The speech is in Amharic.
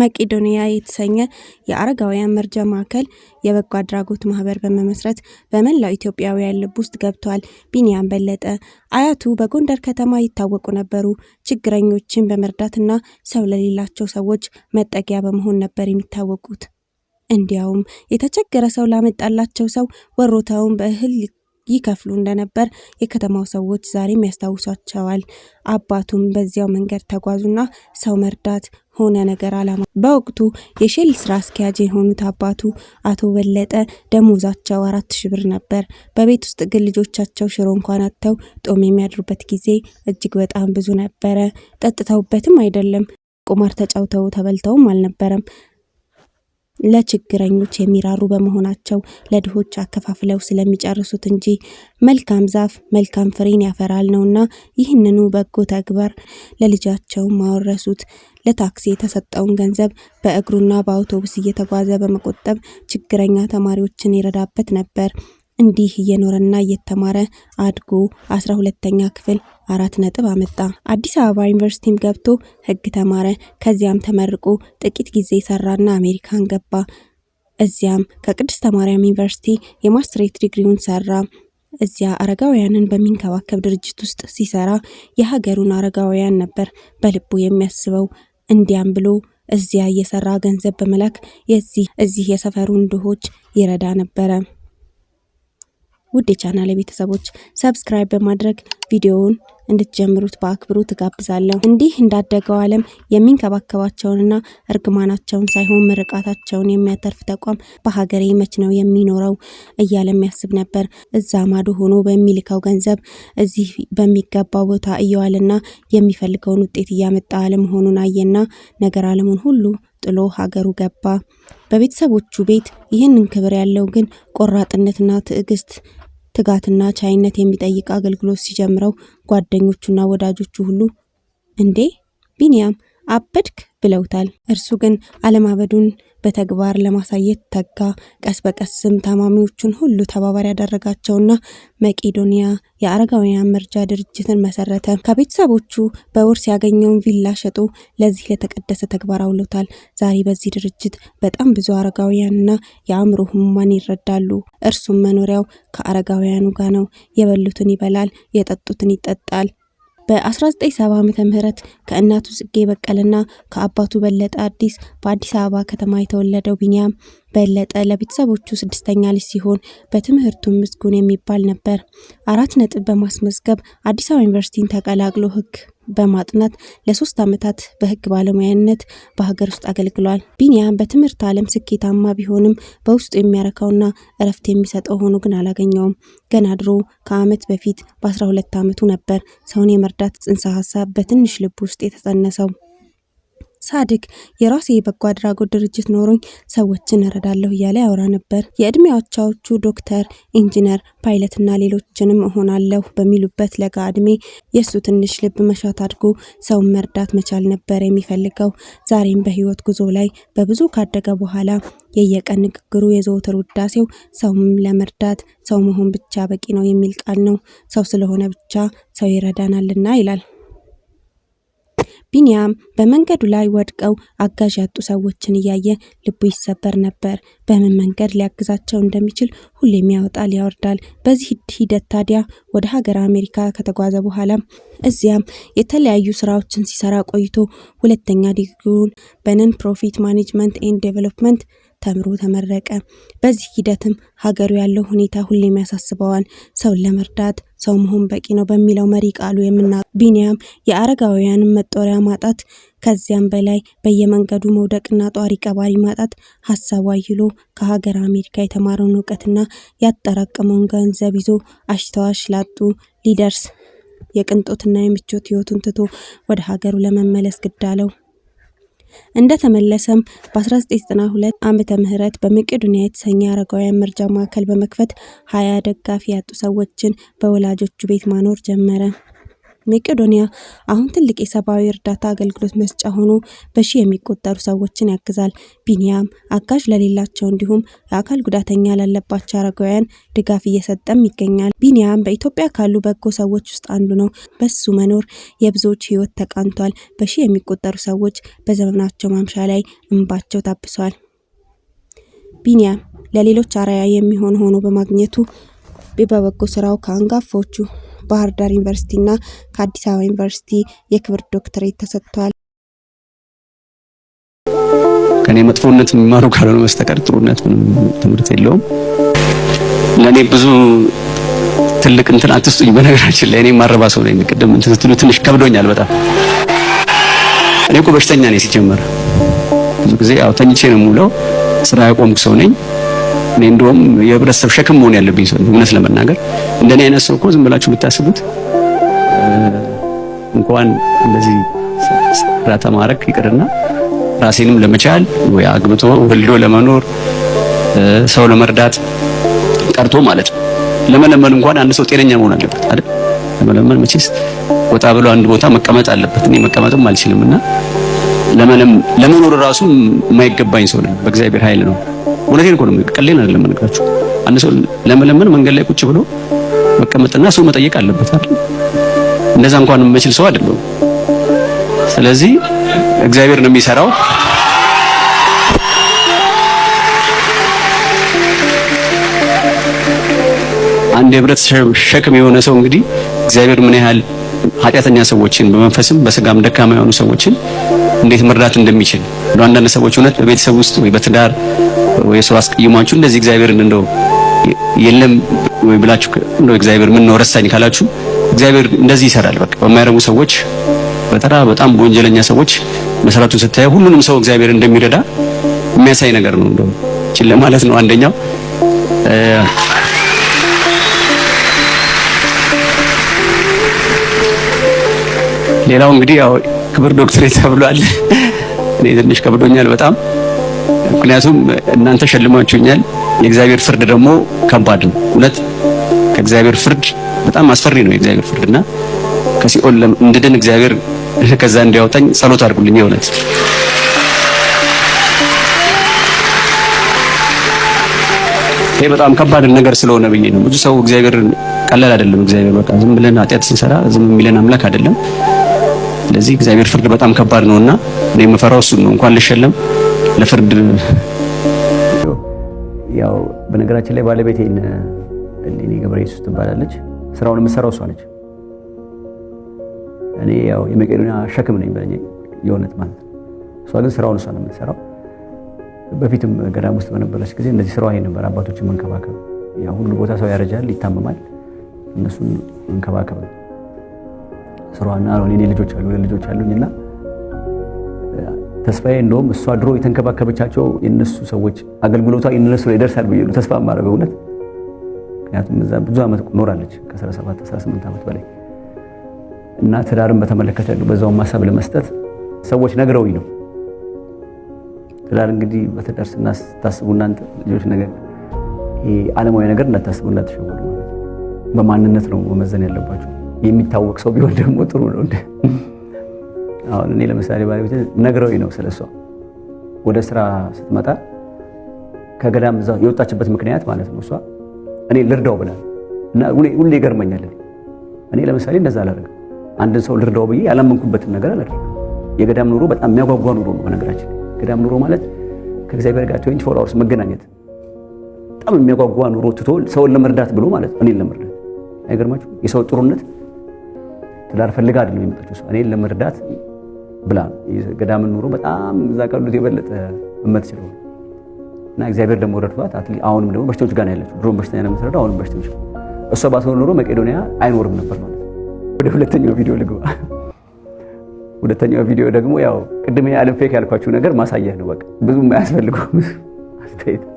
መቄዶንያ የተሰኘ የአረጋውያን መርጃ ማዕከል የበጎ አድራጎት ማህበር በመመስረት በመላው ኢትዮጵያውያን ልብ ውስጥ ገብቷል። ቢኒያም በለጠ አያቱ በጎንደር ከተማ ይታወቁ ነበሩ። ችግረኞችን በመርዳትና ሰው ለሌላቸው ሰዎች መጠጊያ በመሆን ነበር የሚታወቁት። እንዲያውም የተቸገረ ሰው ላመጣላቸው ሰው ወሮታውን በእህል ይከፍሉ እንደነበር የከተማው ሰዎች ዛሬም ያስታውሷቸዋል። አባቱም በዚያው መንገድ ተጓዙና ሰው መርዳት ሆነ ነገር አላማ። በወቅቱ የሼል ስራ አስኪያጅ የሆኑት አባቱ አቶ በለጠ ደሞዛቸው አራት ሺ ብር ነበር። በቤት ውስጥ ግን ልጆቻቸው ሽሮ እንኳን አጥተው ጦም የሚያድሩበት ጊዜ እጅግ በጣም ብዙ ነበረ። ጠጥተውበትም አይደለም ቁማር ተጫውተው ተበልተውም አልነበረም። ለችግረኞች የሚራሩ በመሆናቸው ለድሆች አከፋፍለው ስለሚጨርሱት እንጂ መልካም ዛፍ መልካም ፍሬን ያፈራል ነውና ይህንኑ በጎ ተግባር ለልጃቸው ማወረሱት። ለታክሲ የተሰጠውን ገንዘብ በእግሩና በአውቶቡስ እየተጓዘ በመቆጠብ ችግረኛ ተማሪዎችን ይረዳበት ነበር። እንዲህ እየኖረና እየተማረ አድጎ አስራ ሁለተኛ ክፍል አራት ነጥብ አመጣ። አዲስ አበባ ዩኒቨርሲቲም ገብቶ ህግ ተማረ። ከዚያም ተመርቆ ጥቂት ጊዜ ሰራና አሜሪካን ገባ። እዚያም ከቅድስተ ማርያም ዩኒቨርሲቲ የማስትሬት ዲግሪውን ሰራ። እዚያ አረጋውያንን በሚንከባከብ ድርጅት ውስጥ ሲሰራ የሀገሩን አረጋውያን ነበር በልቡ የሚያስበው። እንዲያም ብሎ እዚያ እየሰራ ገንዘብ በመላክ የዚህ እዚህ የሰፈሩን ድሆች ይረዳ ነበረ። ውድ የቻናል ቤተሰቦች ሰብስክራይብ በማድረግ ቪዲዮውን እንድትጀምሩት በአክብሮ ትጋብዛለሁ እንዲህ እንዳደገው ዓለም የሚንከባከባቸውንና እርግማናቸውን ሳይሆን ምርቃታቸውን የሚያተርፍ ተቋም በሀገሬ መች ነው የሚኖረው እያለ የሚያስብ ነበር። እዛ ማዶ ሆኖ በሚልከው ገንዘብ እዚህ በሚገባው ቦታ እየዋልና የሚፈልገውን ውጤት እያመጣ አለመሆኑን አየና ነገር ዓለሙን ሁሉ ጥሎ ሀገሩ ገባ። በቤተሰቦቹ ቤት ይህንን ክብር ያለው ግን ቆራጥነትና ትዕግስት ትጋትና ቻይነት የሚጠይቅ አገልግሎት ሲጀምረው ጓደኞቹና ወዳጆቹ ሁሉ እንዴ ቢንያም አበድክ ብለውታል። እርሱ ግን አለማበዱን በተግባር ለማሳየት ተጋ። ቀስ በቀስም ታማሚዎቹን ሁሉ ተባባሪ ያደረጋቸውና መቄዶንያ የአረጋውያን መርጃ ድርጅትን መሰረተ። ከቤተሰቦቹ በውርስ ያገኘውን ቪላ ሸጦ ለዚህ ለተቀደሰ ተግባር አውሎታል። ዛሬ በዚህ ድርጅት በጣም ብዙ አረጋውያንና የአእምሮ ህሙማን ይረዳሉ። እርሱም መኖሪያው ከአረጋውያኑ ጋር ነው። የበሉትን ይበላል፣ የጠጡትን ይጠጣል። በ1970 ዓ ም ከእናቱ ጽጌ በቀለና ከአባቱ በለጠ አዲስ በአዲስ አበባ ከተማ የተወለደው ቢንያም በለጠ ለቤተሰቦቹ ስድስተኛ ልጅ ሲሆን በትምህርቱም ምስጉን የሚባል ነበር። አራት ነጥብ በማስመዝገብ አዲስ አበባ ዩኒቨርሲቲን ተቀላቅሎ ህግ በማጥናት ለሶስት ዓመታት በህግ ባለሙያነት በሀገር ውስጥ አገልግሏል። ቢኒያም በትምህርት ዓለም ስኬታማ ቢሆንም በውስጡ የሚያረካውና እረፍት የሚሰጠው ሆኖ ግን አላገኘውም። ገና ድሮ ከዓመት በፊት በ12 ዓመቱ ነበር ሰውን የመርዳት ጽንሰ ሀሳብ በትንሽ ልብ ውስጥ የተጸነሰው። ሳድግ የራሴ የበጎ አድራጎት ድርጅት ኖሮኝ ሰዎችን እረዳለሁ እያለ ያወራ ነበር። የዕድሜ አቻዎቹ ዶክተር፣ ኢንጂነር፣ ፓይለትና ሌሎችንም እሆናለሁ በሚሉበት ለጋ እድሜ የእሱ ትንሽ ልብ መሻት አድጎ ሰውን መርዳት መቻል ነበር የሚፈልገው። ዛሬም በህይወት ጉዞ ላይ በብዙ ካደገ በኋላ የየቀን ንግግሩ የዘወትር ውዳሴው ሰውም ለመርዳት ሰው መሆን ብቻ በቂ ነው የሚል ቃል ነው። ሰው ስለሆነ ብቻ ሰው ይረዳናልና ይላል። ቢንያም በመንገዱ ላይ ወድቀው አጋዥ ያጡ ሰዎችን እያየ ልቡ ይሰበር ነበር። በምን መንገድ ሊያግዛቸው እንደሚችል ሁሌም ያወጣል ያወርዳል። በዚህ ሂደት ታዲያ ወደ ሀገር አሜሪካ ከተጓዘ በኋላ እዚያም የተለያዩ ስራዎችን ሲሰራ ቆይቶ ሁለተኛ ዲግሪውን በነን ፕሮፊት ማኔጅመንት ኤንድ ዴቨሎፕመንት ተምሮ ተመረቀ። በዚህ ሂደትም ሀገሩ ያለው ሁኔታ ሁሌም ያሳስበዋል። ሰውን ለመርዳት ሰው መሆን በቂ ነው በሚለው መሪ ቃሉ የምና ቢንያም የአረጋውያንን መጦሪያ ማጣት ከዚያም በላይ በየመንገዱ መውደቅና ጧሪ ቀባሪ ማጣት ሀሳቡ አይሎ ከሀገር አሜሪካ የተማረውን እውቀትና ያጠራቀመውን ገንዘብ ይዞ አሽተዋሽ ላጡ ሊደርስ የቅንጦትና የምቾት ህይወቱን ትቶ ወደ ሀገሩ ለመመለስ ግድ አለው። እንደተመለሰም በ1992 ዓ ም በመቄዶንያ የተሰኘ አረጋውያን መርጃ ማዕከል በመክፈት ሀያ ደጋፊ ያጡ ሰዎችን በወላጆቹ ቤት ማኖር ጀመረ። መቄዶንያ አሁን ትልቅ የሰብአዊ እርዳታ አገልግሎት መስጫ ሆኖ በሺ የሚቆጠሩ ሰዎችን ያግዛል። ቢኒያም አጋዥ ለሌላቸው እንዲሁም የአካል ጉዳተኛ ላለባቸው አረጋውያን ድጋፍ እየሰጠም ይገኛል። ቢኒያም በኢትዮጵያ ካሉ በጎ ሰዎች ውስጥ አንዱ ነው። በሱ መኖር የብዙዎች ህይወት ተቃንቷል። በሺ የሚቆጠሩ ሰዎች በዘመናቸው ማምሻ ላይ እንባቸው ታብሰዋል። ቢኒያም ለሌሎች አርአያ የሚሆን ሆኖ በማግኘቱ በበጎ ስራው ከአንጋፎቹ ባህር ዳር ዩኒቨርሲቲ እና ከአዲስ አበባ ዩኒቨርሲቲ የክብር ዶክትሬት ተሰጥቷል። ከኔ መጥፎነት የሚማሩ ካልሆነ በስተቀር ጥሩነት ምንም ትምህርት የለውም። ለእኔ ብዙ ትልቅ እንትን አትስጡኝ። በነገራችን ላይ እኔ ማረባ ሰው ነኝ። ቅድም እንትን ስትሉ ትንሽ ከብዶኛል በጣም እኔ እኮ በሽተኛ ነኝ ሲጀመር ብዙ ጊዜ ያው ተኝቼ ነው የምውለው። ስራ ያቆምኩ ሰው ነኝ። እኔ እንደውም የህብረተሰብ ሸክም መሆን ያለብኝ ሰው እውነት ለመናገር እንደኔ አይነት ሰው እኮ ዝም ብላችሁ ብታስቡት እንኳን እንደዚህ ስራ ተማረክ ይቅርና ራሴንም ለመቻል ወይ አግብቶ ወልዶ ለመኖር ሰው ለመርዳት ቀርቶ ማለት ነው። ለመለመን እንኳን አንድ ሰው ጤነኛ መሆን አለበት አይደል? ለመለመን መቼስ ወጣ ብሎ አንድ ቦታ መቀመጥ አለበት። እኔ መቀመጥም አልችልምና ለመለም ለመኖር ራሱ የማይገባኝ ሰው ነኝ። በእግዚአብሔር ኃይል ነው እውነቴን እኮ ነው። ቀሌን አይደለም የምነግራችሁ። አንድ ሰው ለመለመን መንገድ ላይ ቁጭ ብሎ መቀመጥና ሰው መጠየቅ አለበት አይደል? እንደዛ እንኳን የምችል ሰው አይደለም። ስለዚህ እግዚአብሔር ነው የሚሰራው። አንድ የብረት ሸክም የሆነ ሰው እንግዲህ እግዚአብሔር ምን ያህል ኃጢአተኛ ሰዎችን በመንፈስም በስጋም ደካማ የሆኑ ሰዎችን እንዴት መርዳት እንደሚችል አንዳንድ ሰዎች እውነት በቤተሰብ ውስጥ ወይ በትዳር ወይ አስቀይሟችሁ እንደዚህ እግዚአብሔርን እንደው የለም ወይ ብላችሁ እንደው እግዚአብሔር ምን ነው ረሳኝ ካላችሁ እግዚአብሔር እንደዚህ ይሰራል። በቃ በማይረቡ ሰዎች በተራ በጣም በወንጀለኛ ሰዎች መሰረቱን ስታየው ሁሉንም ሰው እግዚአብሔር እንደሚረዳ የሚያሳይ ነገር ነው። እንደው ይችል ለማለት ነው አንደኛው። ሌላው እንግዲህ ያው ክብር ዶክትሬት ተብሏል። እኔ ትንሽ ከብዶኛል በጣም ምክንያቱም እናንተ ሸልማችሁኛል። የእግዚአብሔር ፍርድ ደግሞ ከባድ ነው። እውነት ከእግዚአብሔር ፍርድ በጣም አስፈሪ ነው የእግዚአብሔር ፍርድ እና ከሲኦል እንድድን እግዚአብሔር ከዛ እንዲያወጣኝ ጸሎት አድርጉልኝ የእውነት ይሄ በጣም ከባድ ነገር ስለሆነ ብዬ ነው። ብዙ ሰው እግዚአብሔር ቀላል አይደለም። እግዚአብሔር በቃ ዝም ብለን ኃጢአት ስንሰራ ዝም የሚለን አምላክ አይደለም። ስለዚህ እግዚአብሔር ፍርድ በጣም ከባድ እና እኔ የምፈራው እሱን ነው። እንኳን ልሸለም ለፍርድ ያው በነገራችን ላይ ባለቤቴን እሌኒ ገብረ ኢየሱስ ትባላለች። ስራውን የምትሰራው እሷ ነች። እኔ ያው የመቄዶንያ ሸክም ነኝ በለኝ የእውነት ማለት ነው። እሷ ግን ስራውን እሷ ነው የምትሰራው። በፊትም ገዳም ውስጥ በነበረች ጊዜ እንደዚህ ስራዋ ይሄ ነበር፣ አባቶችን መንከባከብ። ያው ሁሉ ቦታ ሰው ያረጃል፣ ይታመማል። እነሱን መንከባከብ ነው ስራዋና። እኔ ልጆች አሉ፣ ልጆች አሉኝና ተስፋዬ እንደውም እሷ ድሮ የተንከባከበቻቸው የነሱ ሰዎች አገልግሎቷ የነሱ ላይ ይደርሳል ብዬ ተስፋ የማደርገው እውነት። ምክንያቱም እዛ ብዙ ዓመት ኖራለች ከ17 18 ዓመት በላይ እና ትዳርን በተመለከተ በዛውን ማሳብ ለመስጠት ሰዎች ነግረውኝ ነው። ትዳር እንግዲህ በትዳር ስታስቡ እናንተ ልጆች ነገር ዓለማዊ ነገር እንዳታስቡ እንዳትሸወዱ፣ በማንነት ነው መመዘን ያለባቸው። የሚታወቅ ሰው ቢሆን ደግሞ ጥሩ ነው። አሁን እኔ ለምሳሌ ባለቤቴ ነግረውኝ ነው ስለሷ ወደ ስራ ስትመጣ ከገዳም እዛ የወጣችበት ምክንያት ማለት ነው እሷ እኔ ልርዳው ብላ እና ሁሌ ይገርመኛል። እኔ ለምሳሌ እንደዛ አላደርግም። አንድን ሰው ልርዳው ብዬ ያላመንኩበትን ነገር አላደርግም። የገዳም ኑሮ በጣም የሚያጓጓ ኑሮ ነው። በነገራችን ገዳም ኑሮ ማለት ከእግዚአብሔር ጋር 24 አወርስ መገናኘት በጣም የሚያጓጓ ኑሮ ትቶ ሰውን ለመርዳት ብሎ ማለት እኔን ለመርዳት አይገርማችሁ። የሰው ጥሩነት ትዳር ፈልጋ አይደለም የመጣችው ሰው እኔን ለመርዳት ብላ ገዳምን ኑሮ በጣም እዛ ካሉት የበለጠ እመት ስለሆነ እና እግዚአብሔር ደግሞ ረድቷት አሁንም ደግሞ በሽተኞች ጋር ያለችው ድሮም በሽተኛ ነው የምትረዳው፣ አሁንም በሽተኞች እሷ ባትሆን ኑሮ መቄዶንያ አይኖርም ነበር ማለት ወደ ሁለተኛው ቪዲዮ ልግባ። ሁለተኛው ቪዲዮ ደግሞ ያው ቅድም የዓለም ፌክ ያልኳችሁ ነገር ማሳያ ነው። በቃ ብዙ የማያስፈልገው አስተያየት